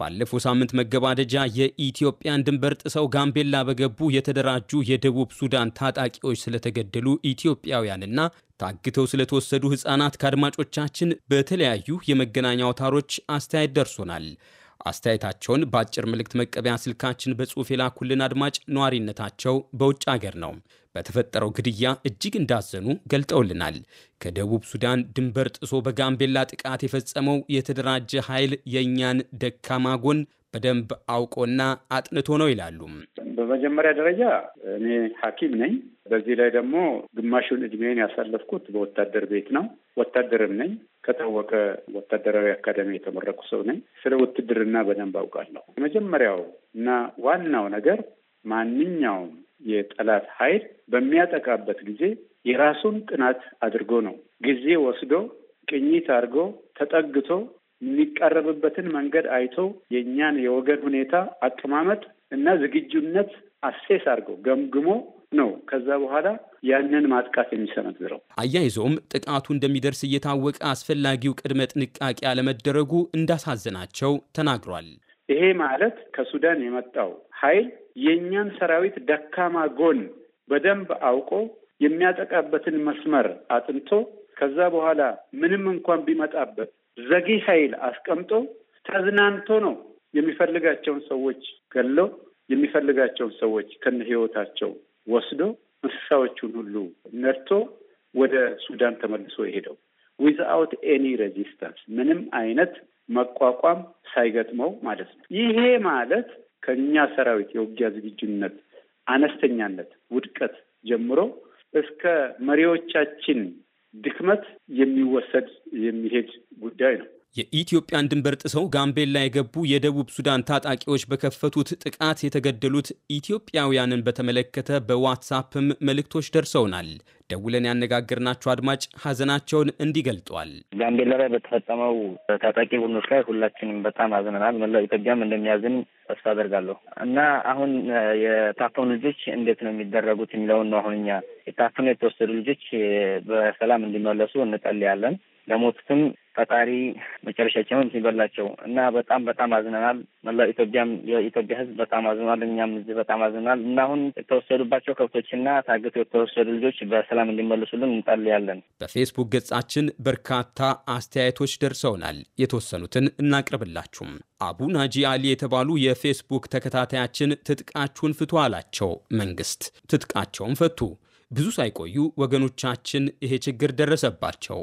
ባለፈው ሳምንት መገባደጃ የኢትዮጵያን ድንበር ጥሰው ጋምቤላ በገቡ የተደራጁ የደቡብ ሱዳን ታጣቂዎች ስለተገደሉ ኢትዮጵያውያንና ታግተው ስለተወሰዱ ሕፃናት ከአድማጮቻችን በተለያዩ የመገናኛ አውታሮች አስተያየት ደርሶናል። አስተያየታቸውን በአጭር መልእክት መቀበያ ስልካችን በጽሑፍ የላኩልን አድማጭ ነዋሪነታቸው በውጭ አገር ነው። በተፈጠረው ግድያ እጅግ እንዳዘኑ ገልጠውልናል። ከደቡብ ሱዳን ድንበር ጥሶ በጋምቤላ ጥቃት የፈጸመው የተደራጀ ኃይል የእኛን ደካማ ጎን በደንብ አውቆና አጥንቶ ነው ይላሉ። በመጀመሪያ ደረጃ እኔ ሐኪም ነኝ። በዚህ ላይ ደግሞ ግማሹን እድሜን ያሳለፍኩት በወታደር ቤት ነው። ወታደርም ነኝ። ከታወቀ ወታደራዊ አካዳሚ የተመረቁ ሰው ነኝ። ስለ ውትድርና በደንብ አውቃለሁ። የመጀመሪያው እና ዋናው ነገር ማንኛውም የጠላት ኃይል በሚያጠቃበት ጊዜ የራሱን ጥናት አድርጎ ነው ጊዜ ወስዶ ቅኝት አድርጎ ተጠግቶ የሚቀረብበትን መንገድ አይቶ የእኛን የወገን ሁኔታ አቀማመጥ እና ዝግጁነት አሴስ አድርገው ገምግሞ ነው ከዛ በኋላ ያንን ማጥቃት የሚሰነዝረው። አያይዞም ጥቃቱ እንደሚደርስ እየታወቀ አስፈላጊው ቅድመ ጥንቃቄ አለመደረጉ እንዳሳዘናቸው ተናግሯል። ይሄ ማለት ከሱዳን የመጣው ኃይል የእኛን ሰራዊት ደካማ ጎን በደንብ አውቆ የሚያጠቃበትን መስመር አጥንቶ ከዛ በኋላ ምንም እንኳን ቢመጣበት ዘጊ ኃይል አስቀምጦ ተዝናንቶ ነው የሚፈልጋቸውን ሰዎች ገሎ የሚፈልጋቸውን ሰዎች ከነ ህይወታቸው ወስዶ እንስሳዎቹን ሁሉ ነድቶ ወደ ሱዳን ተመልሶ የሄደው ዊዝአውት ኤኒ ሬዚስተንስ ምንም አይነት መቋቋም ሳይገጥመው ማለት ነው። ይሄ ማለት ከእኛ ሰራዊት የውጊያ ዝግጁነት አነስተኛነት፣ ውድቀት ጀምሮ እስከ መሪዎቻችን ድክመት የሚወሰድ የሚሄድ ጉዳይ ነው። የኢትዮጵያን ድንበር ጥሰው ጋምቤላ የገቡ የደቡብ ሱዳን ታጣቂዎች በከፈቱት ጥቃት የተገደሉት ኢትዮጵያውያንን በተመለከተ በዋትሳፕም መልእክቶች ደርሰውናል። ደውለን ያነጋገርናቸው አድማጭ ሀዘናቸውን እንዲህ ገልጧል። ጋምቤላ ላይ በተፈጸመው ታጣቂ ቡድኖች ላይ ሁላችንም በጣም አዝነናል። መላው ኢትዮጵያም እንደሚያዝን ተስፋ አደርጋለሁ እና አሁን የታፈኑ ልጆች እንዴት ነው የሚደረጉት የሚለውን ነው አሁን እኛ የታፈኑ የተወሰዱ ልጆች በሰላም እንዲመለሱ እንጠልያለን። ለሞቱትም ፈጣሪ መጨረሻቸውን ሲበላቸው እና በጣም በጣም አዝነናል። መላው ኢትዮጵያም የኢትዮጵያ ሕዝብ በጣም አዝኗል። እኛም እዚህ በጣም አዝነናል እና አሁን የተወሰዱባቸው ከብቶችና ታግተው የተወሰዱ ልጆች በሰላም እንዲመልሱልን እንጠልያለን። በፌስቡክ ገጻችን በርካታ አስተያየቶች ደርሰውናል። የተወሰኑትን እናቅርብላችሁም። አቡ ናጂ አሊ የተባሉ የፌስቡክ ተከታታያችን ትጥቃችሁን ፍቱ አላቸው መንግስት። ትጥቃቸውን ፈቱ። ብዙ ሳይቆዩ ወገኖቻችን ይሄ ችግር ደረሰባቸው።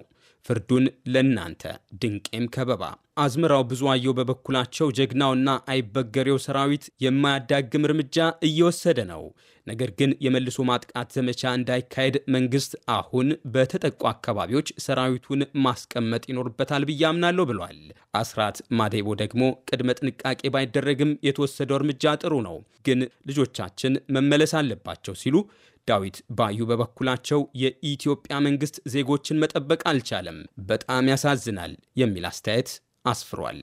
ፍርዱን ለእናንተ ድንቄም ከበባ አዝመራው ብዙአየው በበኩላቸው ጀግናውና አይበገሬው ሰራዊት የማያዳግም እርምጃ እየወሰደ ነው። ነገር ግን የመልሶ ማጥቃት ዘመቻ እንዳይካሄድ መንግስት አሁን በተጠቁ አካባቢዎች ሰራዊቱን ማስቀመጥ ይኖርበታል ብዬ አምናለሁ ብሏል። አስራት ማዴቦ ደግሞ ቅድመ ጥንቃቄ ባይደረግም የተወሰደው እርምጃ ጥሩ ነው፣ ግን ልጆቻችን መመለስ አለባቸው ሲሉ ዳዊት ባዩ በበኩላቸው የኢትዮጵያ መንግስት ዜጎችን መጠበቅ አልቻለም፣ በጣም ያሳዝናል የሚል አስተያየት አስፍሯል።